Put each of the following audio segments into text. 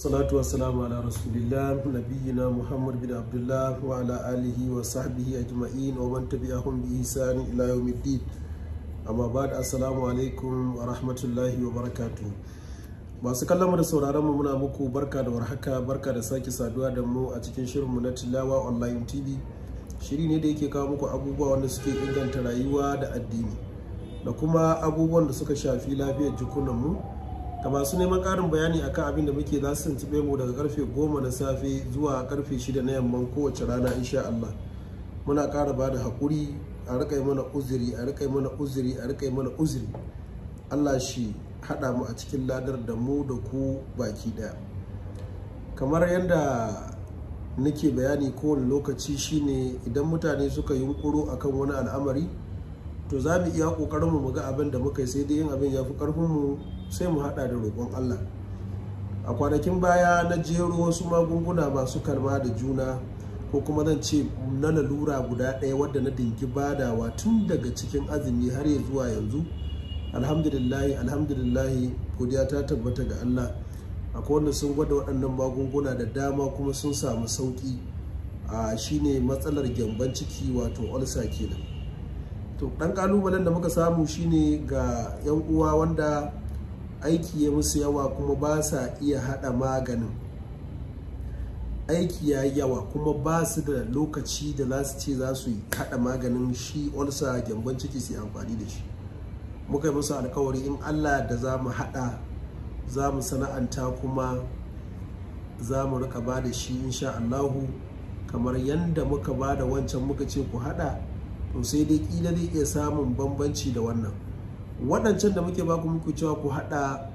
salatu wassalamu ala rasulillah nabiyyina muhammad bin abdullah wa ala alihi wa sahbihi ajma'in wa man tabi'ahum bi ihsani ila yawmiddin amma ba'd assalamu alaikum wa rahmatullahi wa barakatuh masu kallon da sauraron mu muna muku barka da warhaka barka da sake saduwa da mu a cikin shirin mu na tilawa online tv shiri ne da yake kawo muku abubuwa wanda suke inganta rayuwa da addini da kuma abubuwan da suka shafi lafiyar jikunan mu ga masu neman ƙarin bayani akan abin da muke za su tuntube mu daga karfe 10 na safe zuwa karfe 6 na yamman kowace rana in sha Allah muna kara ba da haƙuri a rika mana uzuri a rika mana uzuri a rika mana uzuri Allah shi haɗa mu a cikin ladar da mu da ku baki ɗaya kamar yadda nake bayani kowane lokaci shine idan mutane suka yunƙuru akan wani al'amari to za mu iya ƙoƙarinmu mu ga abin da muka yi sai dai yin abin ya fi ƙarfinmu sai mu haɗa da roƙon Allah a kwanakin baya na jero wasu magunguna masu kalma da juna ko kuma zan ce na lalura guda ɗaya wadda na dinki badawa tun daga cikin azumi har ya zuwa yanzu alhamdulillahi alhamdulillahi godiya ta tabbata ga Allah akwai wanda sun gwada waɗannan magunguna da dama kuma sun samu sauƙi a shine matsalar gyamban ciki wato ulcer kenan to ɗan ƙalubalen da muka samu shine ga 'yan uwa wanda aiki ya musu yawa kuma ba sa iya haɗa maganin aiki ya yawa kuma ba su da lokaci da za su ce za su yi haɗa maganin shi olsa gyambon ciki su amfani da shi muka yi musu alkawari in allah da za mu haɗa za mu sana'anta kuma za mu rika ba da shi insha allahu kamar yadda muka ba da wancan muka ce ku haɗa to sai dai kila zai iya samun bambanci da wannan waɗancan da muke baku muku cewa ku haɗa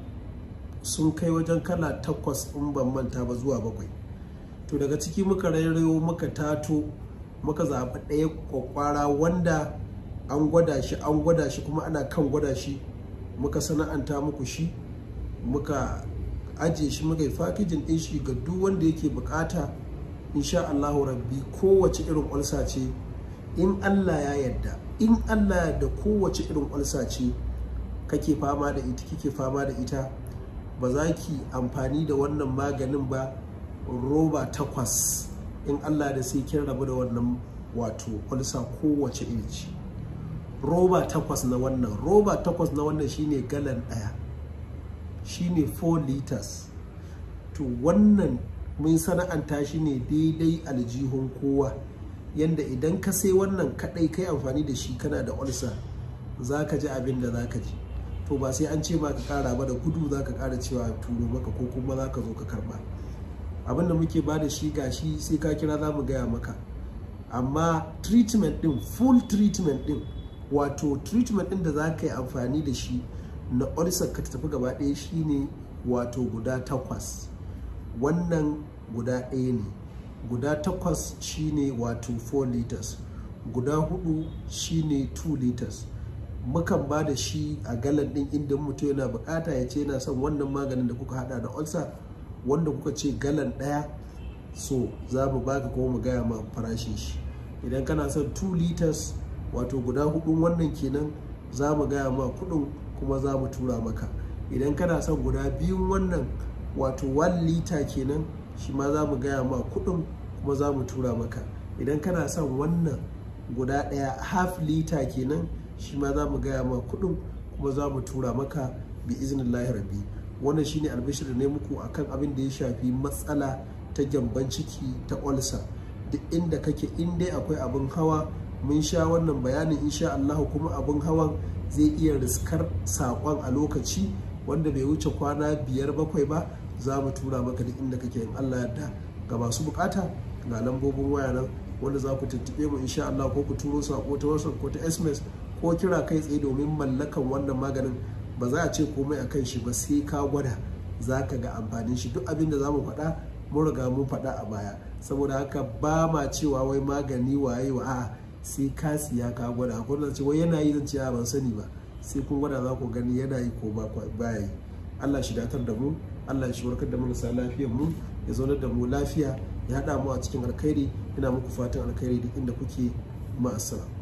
sun kai wajen kala takwas in ban manta ba zuwa bakwai to daga ciki muka rairayo muka tato muka zaɓi ɗaya kwakwara wanda an gwada shi an gwada shi kuma ana kan gwada shi muka sana'anta muku shi muka ajiye shi muka yi fakijin ɗin shi ga duk wanda yake buƙata insha Allahu rabbi kowace irin ulsa ce in Allah ya yarda in Allah da kowace irin ulsa ce kake fama da ita kike fama da ita ba za ki amfani da wannan maganin ba roba takwas in Allah da sai kin rabu da wannan wato ulsa kowace inci roba takwas na wannan roba takwas na wannan shine galan ɗaya shine 4 liters to wannan mun sana'anta shi ne daidai aljihun kowa yanda idan ka sai wannan kadai kai amfani da shi kana da ulcer za ka ji abin da za ka ji to ba sai an ce ma ka kara ba da gudu za ka kara cewa turo maka ko kuma za ka zo ka karba abin da muke ba da shi gashi sai ka kira za mu gaya maka amma treatment din full treatment din wato treatment din da za ka yi amfani da shi na ulcer ka tafi gaba ɗaya shine wato guda takwas wannan guda ɗaya ne guda takwas shine wato 4 liters guda hudu shine 2 liters mukan ba da shi a galan din inda mutum yana bukata ya ce yana son wannan maganin da kuka hada da ulcer wanda kuka ce galan daya so za mu baka kuma mu gaya ma farashin shi idan kana son 2 liters wato guda hudu wannan kenan za mu gaya ma kudin kuma za mu tura maka idan kana son guda biyun wannan wato 1 liter kenan shi ma za mu gaya ma kuɗin kuma za mu tura maka idan kana son wannan guda ɗaya half liter kenan shi ma za mu gaya ma kuɗin kuma za mu tura maka bi iznin rabbi wannan shine albishir da ne muku akan abin da ya shafi matsala ta gyamban ciki ta olsa duk inda kake in dai akwai abin hawa mun sha wannan bayanin insha Allah kuma abin hawan zai iya riskar saƙon a lokaci wanda bai wuce kwana biyar bakwai ba za mu tura maka duk inda kake in Allah yadda ga masu bukata ga lambobin waya nan wanda za ku tuntuɓe mu insha Allah ko ku turo sako ta WhatsApp ko ta SMS ko kira kai tsaye domin mallakan wannan maganin ba za a ce komai a shi ba sai ka gwada za ka ga amfanin shi duk abin da za mu faɗa mu riga mu faɗa a baya saboda haka ba ma cewa wai magani waye wa a'a sai ka siya ka gwada ko na ce wai yana yi zan ce ban sani ba sai kun gwada za ku gani yana yi ko ba yi Allah shi datar da mu Allah shi warkar da marasa lafiyar mu ya zaunar da mu lafiya ya haɗa mu a cikin alkhairi ina muku fatan alkhairi duk inda kuke ma'asara